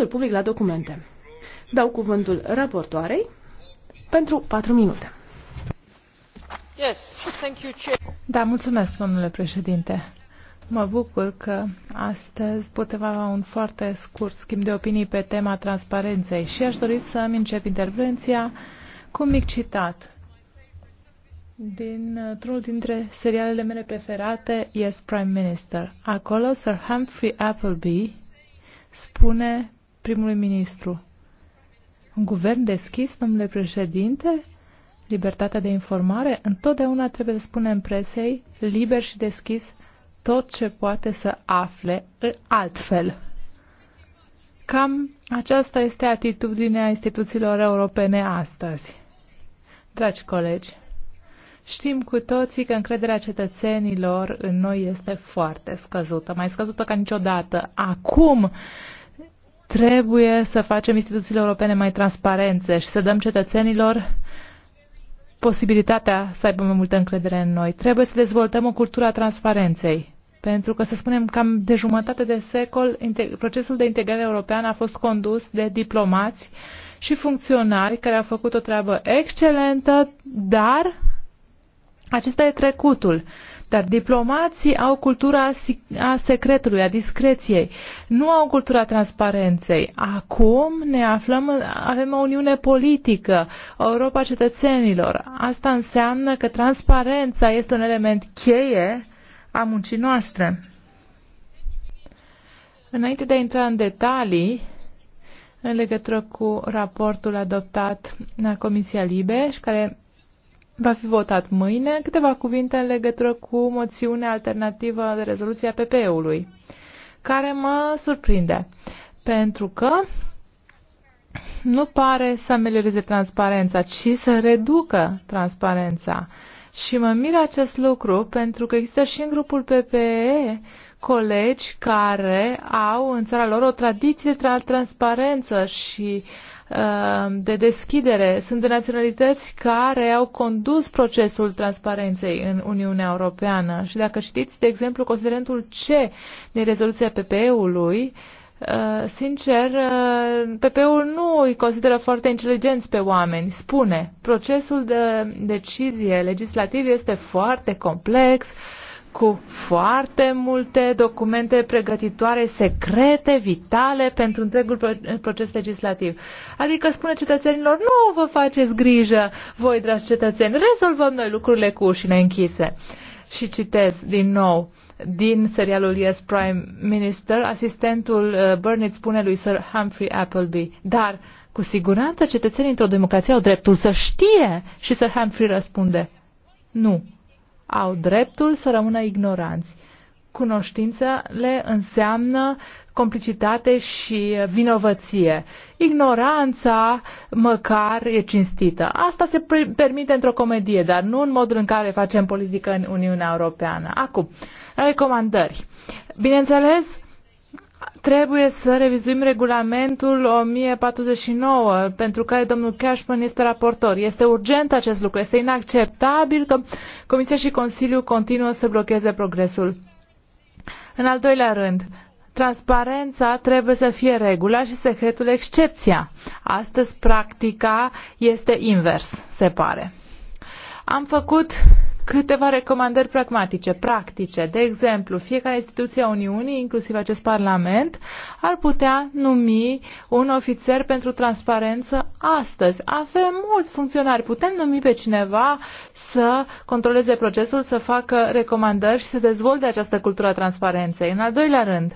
accesul public la documente. Dau cuvântul raportoarei pentru 4 minute. Yes, thank you, Chair. Da, mulțumesc, domnule președinte. Mă bucur că astăzi putem avea un foarte scurt schimb de opinii pe tema transparenței și aș dori să îmi încep intervenția cu un mic citat dintr-unul dintre serialele mele preferate, Yes Prime Minister. Acolo, Sir Humphrey Appleby spune primului ministru. Un guvern deschis, domnule președinte, libertatea de informare, întotdeauna trebuie să spunem presei liber și deschis tot ce poate să afle altfel. Cam aceasta este atitudinea instituțiilor europene astăzi. Dragi colegi, știm cu toții că încrederea cetățenilor în noi este foarte scăzută, mai scăzută ca niciodată. Acum Trebuie să facem instituțiile europene mai transparente și să dăm cetățenilor posibilitatea să aibă mai multă încredere în noi. Trebuie să dezvoltăm o cultură a transparenței. Pentru că, să spunem, cam de jumătate de secol, procesul de integrare europeană a fost condus de diplomați și funcționari care au făcut o treabă excelentă, dar acesta e trecutul. Dar diplomații au cultura a secretului, a discreției. Nu au cultura transparenței. Acum ne aflăm, avem o uniune politică, Europa cetățenilor. Asta înseamnă că transparența este un element cheie a muncii noastre. Înainte de a intra în detalii în legătură cu raportul adoptat la Comisia Libe și care va fi votat mâine. Câteva cuvinte în legătură cu moțiunea alternativă de rezoluție a PPE-ului, care mă surprinde, pentru că nu pare să amelioreze transparența, ci să reducă transparența. Și mă miră acest lucru pentru că există și în grupul PPE colegi care au în țara lor o tradiție de transparență și uh, Uh, de deschidere. Sunt de naționalități care au condus procesul transparenței în Uniunea Europeană. Și dacă știți, de exemplu, considerentul C din rezoluția PPE-ului, uh, sincer, uh, ppe ul nu îi consideră foarte inteligenți pe oameni. Spune, procesul de decizie legislativ este foarte complex, cu foarte multe documente pregătitoare secrete, vitale pentru întregul proces legislativ. Adică spune cetățenilor, nu vă faceți grijă, voi, dragi cetățeni, rezolvăm noi lucrurile cu ușile închise. Și citez din nou din serialul Yes Prime Minister, asistentul uh, Burnett spune lui Sir Humphrey Appleby, dar cu siguranță cetățenii într-o democrație au dreptul să știe și Sir Humphrey răspunde, nu, au dreptul să rămână ignoranți. Cunoștințele înseamnă complicitate și vinovăție. Ignoranța măcar e cinstită. Asta se permite într-o comedie, dar nu în modul în care facem politică în Uniunea Europeană. Acum, recomandări. Bineînțeles, Trebuie să revizuim regulamentul 1049 pentru care domnul Cashman este raportor. Este urgent acest lucru. Este inacceptabil că Comisia și Consiliul continuă să blocheze progresul. În al doilea rând, transparența trebuie să fie regula și secretul excepția. Astăzi practica este invers, se pare. Am făcut câteva recomandări pragmatice, practice. De exemplu, fiecare instituție a Uniunii, inclusiv acest Parlament, ar putea numi un ofițer pentru transparență astăzi. Avem mulți funcționari, putem numi pe cineva să controleze procesul, să facă recomandări și să dezvolte această cultură a transparenței. În al doilea rând,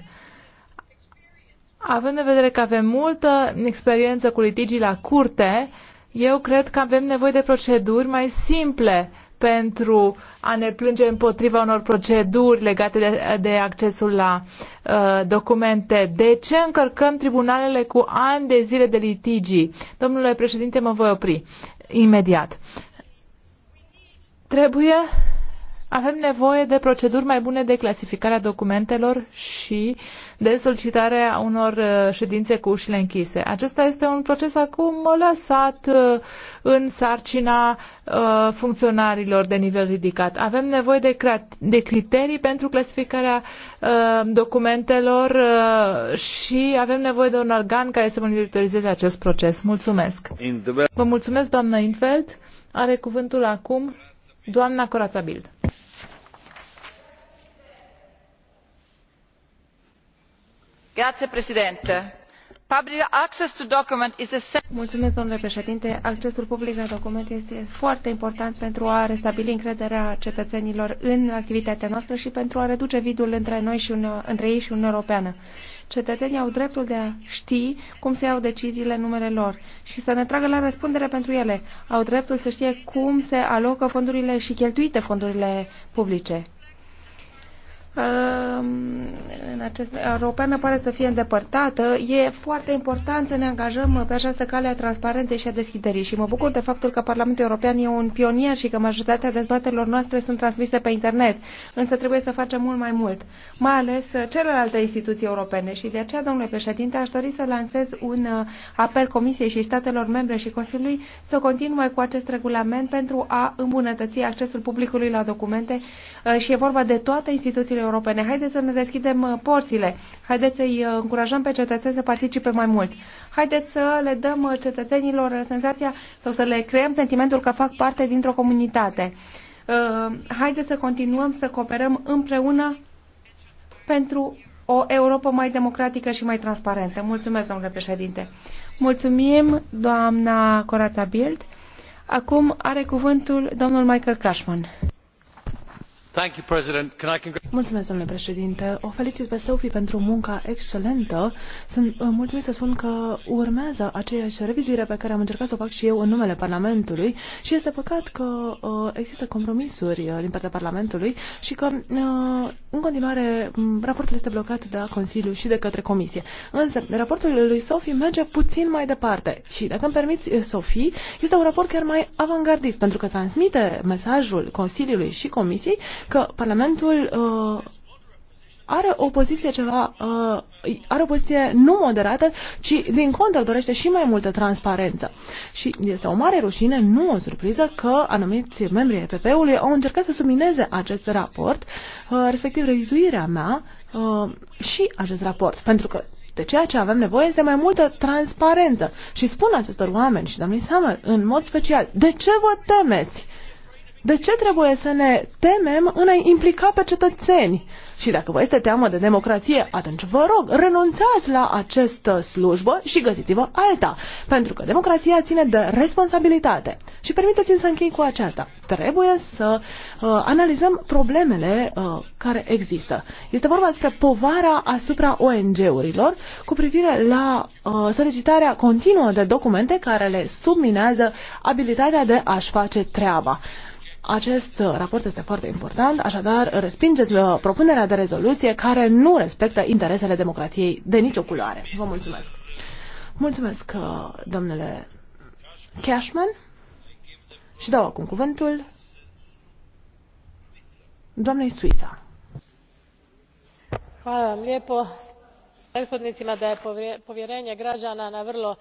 având în vedere că avem multă experiență cu litigii la curte, eu cred că avem nevoie de proceduri mai simple pentru a ne plânge împotriva unor proceduri legate de, de accesul la uh, documente. De ce încărcăm tribunalele cu ani de zile de litigii? Domnule președinte, mă voi opri imediat. Trebuie avem nevoie de proceduri mai bune de clasificare a documentelor și de solicitarea unor uh, ședințe cu ușile închise. Acesta este un proces acum lăsat uh, în sarcina uh, funcționarilor de nivel ridicat. Avem nevoie de, de criterii pentru clasificarea documentelor și avem nevoie de un organ care să monitorizeze acest proces. Mulțumesc! Vă mulțumesc, doamnă Infeld. Are cuvântul acum doamna Corața Bild. domnule președinte accesul public la documente este foarte important pentru a restabili încrederea cetățenilor în activitatea noastră și pentru a reduce vidul între, noi și între ei și uniunea europeană. Cetățenii au dreptul de a ști cum se iau deciziile în numele lor și să ne tragă la răspundere pentru ele. Au dreptul să știe cum se alocă fondurile și cheltuite fondurile publice. Această europeană pare să fie îndepărtată, e foarte important să ne angajăm pe această cale a transparenței și a deschiderii și mă bucur de faptul că Parlamentul European e un pionier și că majoritatea dezbaterilor noastre sunt transmise pe internet, însă trebuie să facem mult mai mult, mai ales celelalte instituții europene și de aceea, domnule președinte, aș dori să lansez un uh, apel Comisiei și statelor membre și Consiliului să continue cu acest regulament pentru a îmbunătăți accesul publicului la documente Uh, și e vorba de toate instituțiile europene. Haideți să ne deschidem uh, porțile, haideți să-i uh, încurajăm pe cetățeni să participe mai mult. Haideți să le dăm cetățenilor senzația sau să le creăm sentimentul că fac parte dintr-o comunitate. Haideți să continuăm să cooperăm împreună pentru o Europa mai democratică și mai transparentă. Mulțumesc, domnule președinte. Mulțumim, doamna Corața Bild. Acum are cuvântul domnul Michael Cashman. Mulțumesc, domnule președinte. O felicit pe Sophie pentru munca excelentă. Sunt uh, mulțumit să spun că urmează aceeași revizuire pe care am încercat să o fac și eu în numele Parlamentului și este păcat că uh, există compromisuri uh, din partea Parlamentului și că în continuare raportul este blocat de Consiliu și de către Comisie. Însă raportul lui Sophie merge puțin mai departe și, dacă îmi permiți, Sophie, este un raport chiar mai avangardist pentru că transmite mesajul Consiliului și Comisiei că Parlamentul uh, are o poziție ceva, uh, are o poziție nu moderată, ci din contră dorește și mai multă transparență. Și este o mare rușine, nu o surpriză, că anumiți membrii EPP-ului au încercat să submineze acest raport, uh, respectiv revizuirea mea uh, și acest raport. Pentru că de ceea ce avem nevoie este mai multă transparență. Și spun acestor oameni și doamnei Summer, în mod special, de ce vă temeți? De ce trebuie să ne temem în a implica pe cetățeni? Și dacă vă este teamă de democrație, atunci vă rog, renunțați la această slujbă și găsiți-vă alta. Pentru că democrația ține de responsabilitate. Și permiteți-mi să închei cu aceasta. Trebuie să uh, analizăm problemele uh, care există. Este vorba despre povara asupra ONG-urilor cu privire la uh, solicitarea continuă de documente care le subminează abilitatea de a-și face treaba. Acest uh, raport este foarte important, așadar respingeți uh, propunerea de rezoluție care nu respectă interesele democrației de nicio culoare. Vă mulțumesc. Mulțumesc, uh, domnule Cashman. Și dau acum cuvântul doamnei Suiza. Hvala vam lijepo prethodnicima da je povjerenje građana na vrlo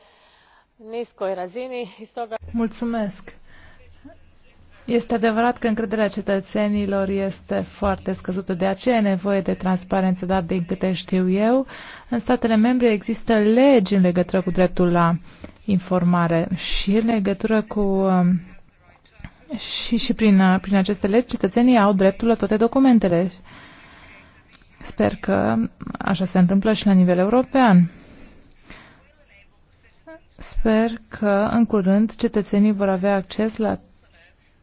niskoj razini stoga... Mulțumesc este adevărat că încrederea cetățenilor este foarte scăzută, de aceea e nevoie de transparență, dar din câte știu eu, în statele membre există legi în legătură cu dreptul la informare și în legătură cu um, și, și prin, uh, prin aceste legi cetățenii au dreptul la toate documentele. Sper că așa se întâmplă și la nivel european. Sper că în curând cetățenii vor avea acces la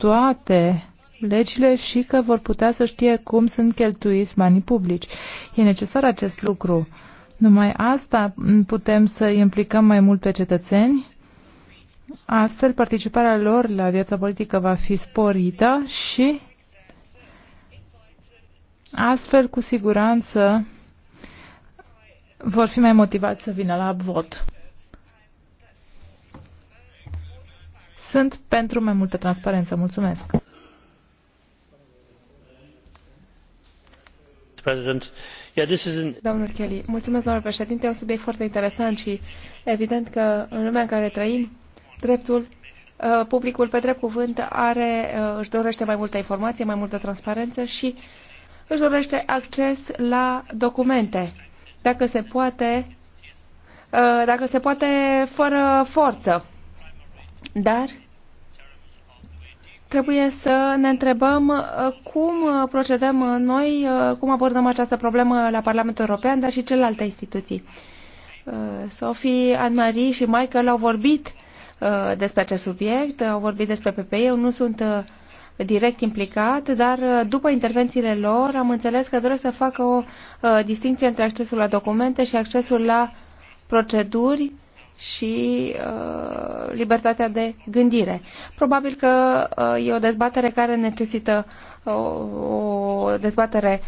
toate legile și că vor putea să știe cum sunt cheltuiți banii publici. E necesar acest lucru. Numai asta putem să implicăm mai mult pe cetățeni. Astfel, participarea lor la viața politică va fi sporită și astfel, cu siguranță, vor fi mai motivați să vină la vot. Sunt pentru mai multă transparență. Mulțumesc. Domnul Kelly, mulțumesc, domnul președinte. E un subiect foarte interesant și evident că în lumea în care trăim, dreptul, uh, publicul pe drept cuvânt are, uh, își dorește mai multă informație, mai multă transparență și își dorește acces la documente, dacă se poate, uh, dacă se poate fără forță dar trebuie să ne întrebăm uh, cum uh, procedăm noi, uh, cum abordăm această problemă la Parlamentul European, dar și celelalte instituții. Sophie, Anne-Marie și Michael au vorbit despre acest subiect, au vorbit despre PPI. Eu nu sunt direct implicat, dar după intervențiile lor am înțeles că doresc să facă o distinție între accesul la documente și accesul la proceduri și uh, libertatea de gândire. Probabil că uh, e o dezbatere care necesită uh, o dezbatere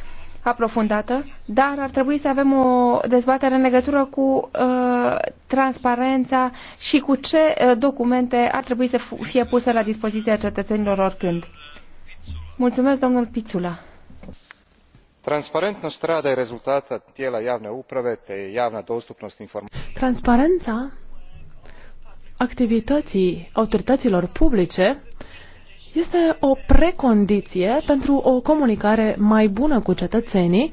aprofundată, dar ar trebui să avem o dezbatere în legătură cu uh, transparența și cu ce uh, documente ar trebui să fie puse la dispoziția cetățenilor oricând. Mulțumesc, domnul Pițula. Transparentnost rada rezultată de tijela javne uprave te je javna dostupnost informacija. Transparența activității autorităților publice este o precondiție pentru o comunicare mai bună cu cetățenii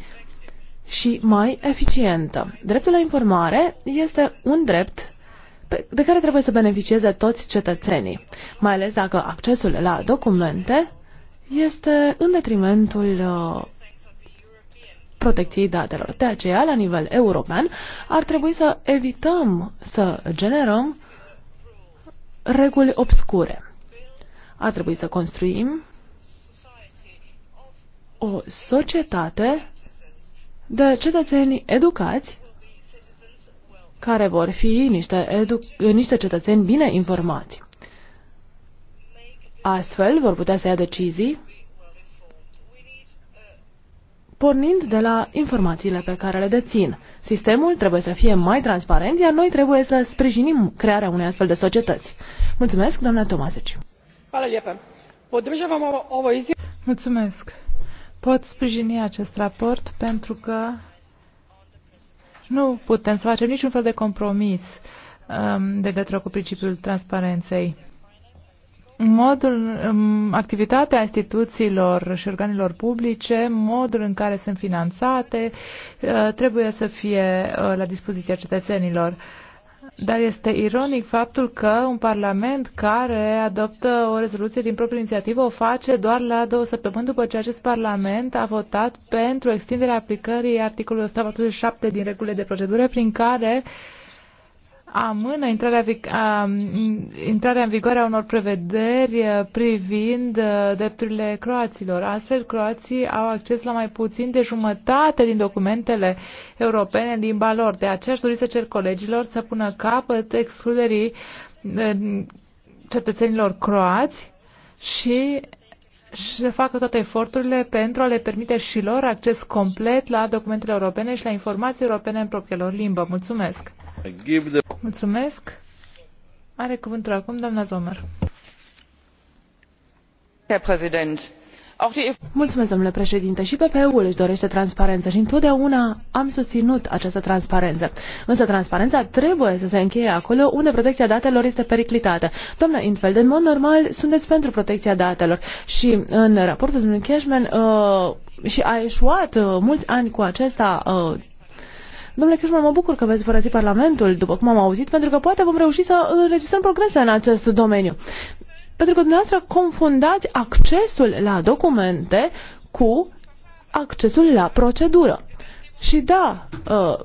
și mai eficientă. Dreptul la informare este un drept de care trebuie să beneficieze toți cetățenii, mai ales dacă accesul la documente este în detrimentul uh, protecției datelor. De aceea, la nivel european, ar trebui să evităm să generăm reguli obscure. A trebuit să construim o societate de cetățeni educați care vor fi niște, niște cetățeni bine informați. Astfel vor putea să ia decizii pornind de la informațiile pe care le dețin. Sistemul trebuie să fie mai transparent, iar noi trebuie să sprijinim crearea unei astfel de societăți. Pot sprijini acest raport pentru că nu putem să facem niciun fel de compromis um, de legătură cu principiul transparenței. Modul, um, activitatea instituțiilor și organelor publice, modul în care sunt finanțate, uh, trebuie să fie uh, la dispoziția cetățenilor. Uh, dar este ironic faptul că un parlament care adoptă o rezoluție din proprie inițiativă o face doar la două săptămâni după ce acest parlament a votat pentru extinderea aplicării articolului 147 din regulile de procedură prin care uh, amână intrarea, a, intrarea în vigoare a unor prevederi uh, privind uh, drepturile croaților. Astfel, croații au acces la mai puțin de jumătate din documentele europene în limba lor. De aceea aș dori să cer colegilor să pună capăt excluderii uh, cetățenilor croați și și să facă toate eforturile pentru a le permite și lor acces complet la documentele europene și la informații europene în propria lor limbă. Mulțumesc! Mulțumesc. Are cuvântul acum doamna Zomer. Mulțumesc, domnule președinte. Și PPE-ul își dorește transparență și întotdeauna am susținut această transparență. Însă transparența trebuie să se încheie acolo unde protecția datelor este periclitată. Domnule Intfeld, în mod normal sunteți pentru protecția datelor și în raportul domnului Cashman uh, și a eșuat uh, mulți ani cu acesta uh, Domnule Kirchner, mă bucur că veți părăsi Parlamentul, după cum am auzit, pentru că poate vom reuși să înregistrăm progrese în acest domeniu. Pentru că dumneavoastră confundați accesul la documente cu accesul la procedură. Și da, uh,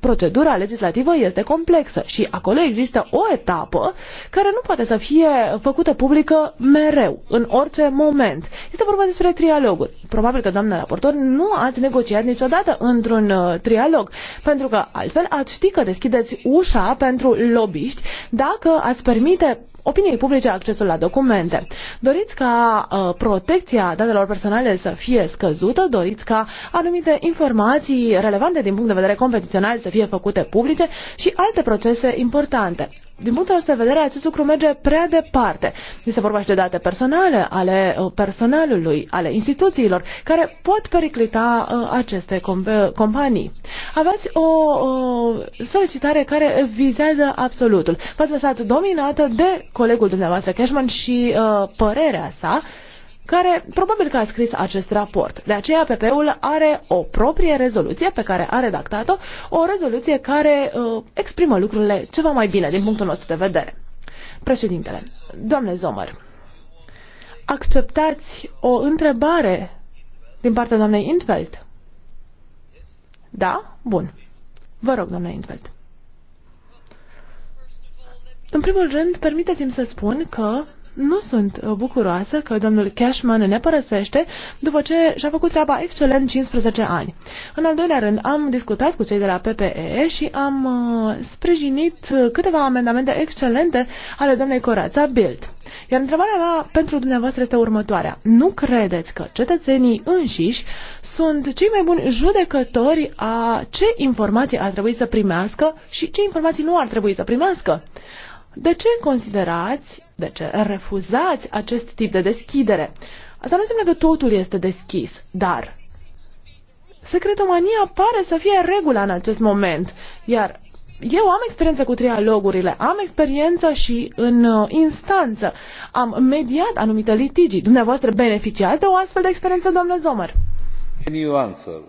procedura legislativă este complexă și acolo există o etapă care nu poate să fie făcută publică mereu, în orice moment. Este vorba despre trialoguri. Probabil că, doamna raportor, nu ați negociat niciodată într-un uh, trialog, pentru că altfel ați ști că deschideți ușa pentru lobbyști dacă ați permite opiniei publice accesul la documente. Doriți ca uh, protecția datelor personale să fie scăzută, doriți ca anumite informații relevante din punct de vedere competițional să fie făcute publice și alte procese importante din punctul nostru de vedere, acest lucru merge prea departe. Este vorba și de date personale ale uh, personalului, ale instituțiilor, care pot periclita uh, aceste uh, companii. Aveți o, solicitare care vizează absolutul. V-ați lăsat dominată de colegul dumneavoastră Cashman și uh, părerea sa care probabil că a scris acest raport. De aceea PP-ul are o proprie rezoluție pe care a redactat-o, o rezoluție care uh, exprimă lucrurile ceva mai bine din punctul nostru de vedere. Președintele, doamne Zomăr, acceptați o întrebare din partea doamnei Intveld? Da? Bun. Vă rog, doamne Intveld. În primul rând, permiteți-mi să spun că nu sunt uh, bucuroasă că domnul Cashman ne părăsește după ce și-a făcut treaba excelent 15 ani. În al doilea rând, am discutat cu cei de la PPE și am uh, sprijinit uh, câteva amendamente excelente ale doamnei Corața Bild. Iar întrebarea mea pentru dumneavoastră este următoarea. Nu credeți că cetățenii înșiși sunt cei mai buni judecători a ce informații ar trebui să primească și ce informații nu ar trebui să primească? De ce considerați de ce refuzați acest tip de deschidere. Asta nu înseamnă că totul este deschis, dar secretomania pare să fie regula în acest moment, iar eu am experiență cu trialogurile, am experiență și în uh, instanță. Am mediat anumite litigii. Dumneavoastră beneficiați de o astfel de experiență, domnule Zomer? Can you answer?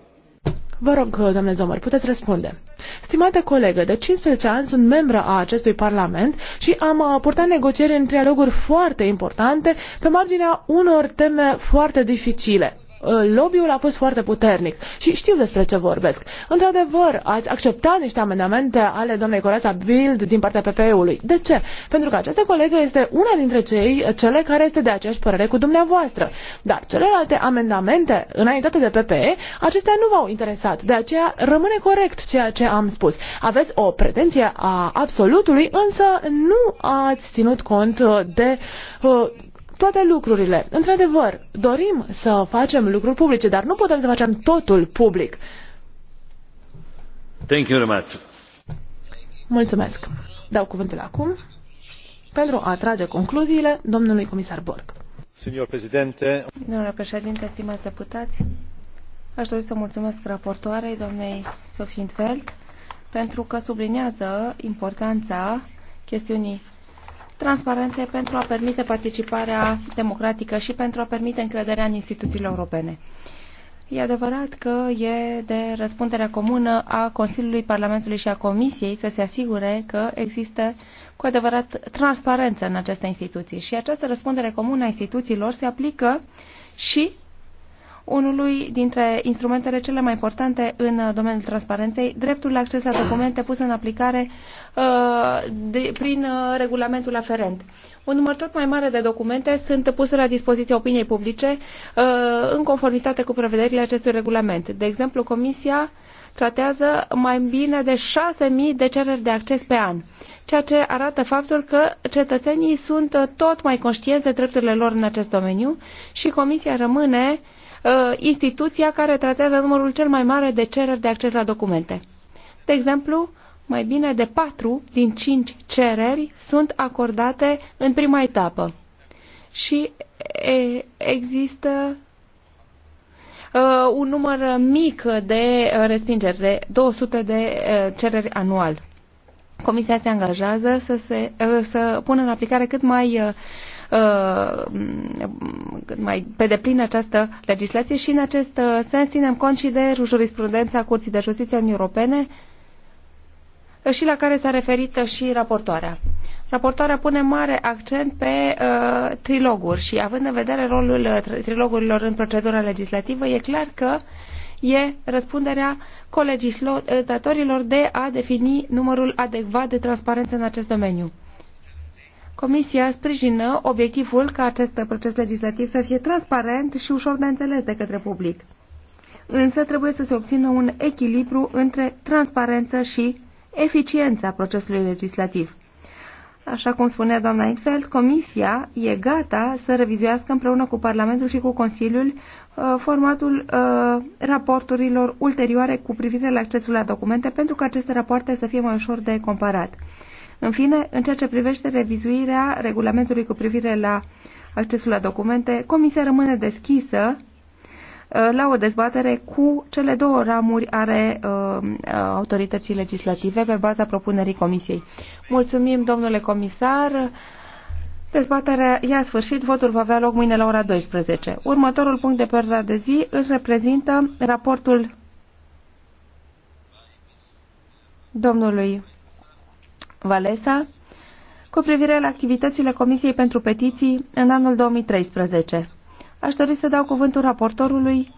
Vă rog, doamne Zomăr, puteți răspunde. Stimate colegă, de 15 ani sunt membră a acestui Parlament și am uh, purtat negocieri în trialoguri foarte importante pe marginea unor teme foarte dificile. Ă, lobby-ul a fost foarte puternic și știu despre ce vorbesc. Într-adevăr, ați acceptat niște amendamente ale doamnei Corața Bild din partea PPE-ului. De ce? Pentru că această colegă este una dintre cei, cele care este de aceeași părere cu dumneavoastră. Dar celelalte amendamente înaintate de PPE, acestea nu v-au interesat. De aceea rămâne corect ceea ce am spus. Aveți o pretenție a absolutului, însă nu ați ținut cont uh, de uh, toate lucrurile. Într-adevăr, dorim să facem lucruri publice, dar nu putem să facem totul public. Thank you very much. Mulțumesc. Dau cuvântul acum pentru a atrage concluziile domnului comisar Borg. Domnule președinte, stimați deputați, aș dori să mulțumesc raportoarei doamnei Sofie pentru că sublinează importanța chestiunii Transparențe pentru a permite participarea democratică și pentru a permite încrederea în instituțiile europene. E adevărat că e de răspunderea comună a Consiliului Parlamentului și a Comisiei să se asigure că există cu adevărat transparență în aceste instituții și această răspundere comună a instituțiilor se aplică și unului dintre instrumentele cele mai importante în domeniul transparenței, dreptul la acces la documente pus în aplicare uh, de, prin uh, regulamentul aferent. Un număr tot mai mare de documente sunt puse la dispoziția opiniei publice uh, în conformitate cu prevederile acestui regulament. De exemplu, Comisia tratează mai bine de 6.000 de cereri de acces pe an, ceea ce arată faptul că cetățenii sunt tot mai conștienți de drepturile lor în acest domeniu și Comisia rămâne uh, Uh, instituția care tratează numărul cel mai mare de cereri de acces la documente. De exemplu, mai bine de 4 din 5 cereri sunt acordate în prima etapă. Și există uh, un număr mic de respingeri, de 200 de uh, cereri anual. Comisia se angajează să, se, să pună în aplicare cât mai Uh, mai pe deplin această legislație și în acest uh, sens ținem cont și de jurisprudența Curții de Justiție Unii Europene și la care s-a referit și raportoarea. Raportoarea pune mare accent pe uh, triloguri și având în vedere rolul uh, trilogurilor în procedura legislativă, e clar că e răspunderea colegislatorilor de a defini numărul adecvat de transparență în acest domeniu. Comisia sprijină obiectivul ca acest proces legislativ să fie transparent și ușor de înțeles de către public. Însă trebuie să se obțină un echilibru între transparență și eficiența procesului legislativ. Așa cum spunea doamna Infeld, Comisia e gata să revizuiască împreună cu Parlamentul și cu Consiliul uh, formatul uh, raporturilor ulterioare cu privire la accesul la documente pentru că aceste rapoarte să fie mai ușor de comparat. În fine, în ceea ce privește revizuirea regulamentului cu privire la accesul la documente, Comisia rămâne deschisă uh, la o dezbatere cu cele două ramuri are uh, autorității legislative pe baza propunerii Comisiei. Mulțumim, domnule comisar. Dezbaterea i-a sfârșit, votul va avea loc mâine la ora 12. Următorul punct de pe de zi îl reprezintă raportul domnului Valesa cu privire la activitățile Comisiei pentru Petiții în anul 2013. Aș dori să dau cuvântul raportorului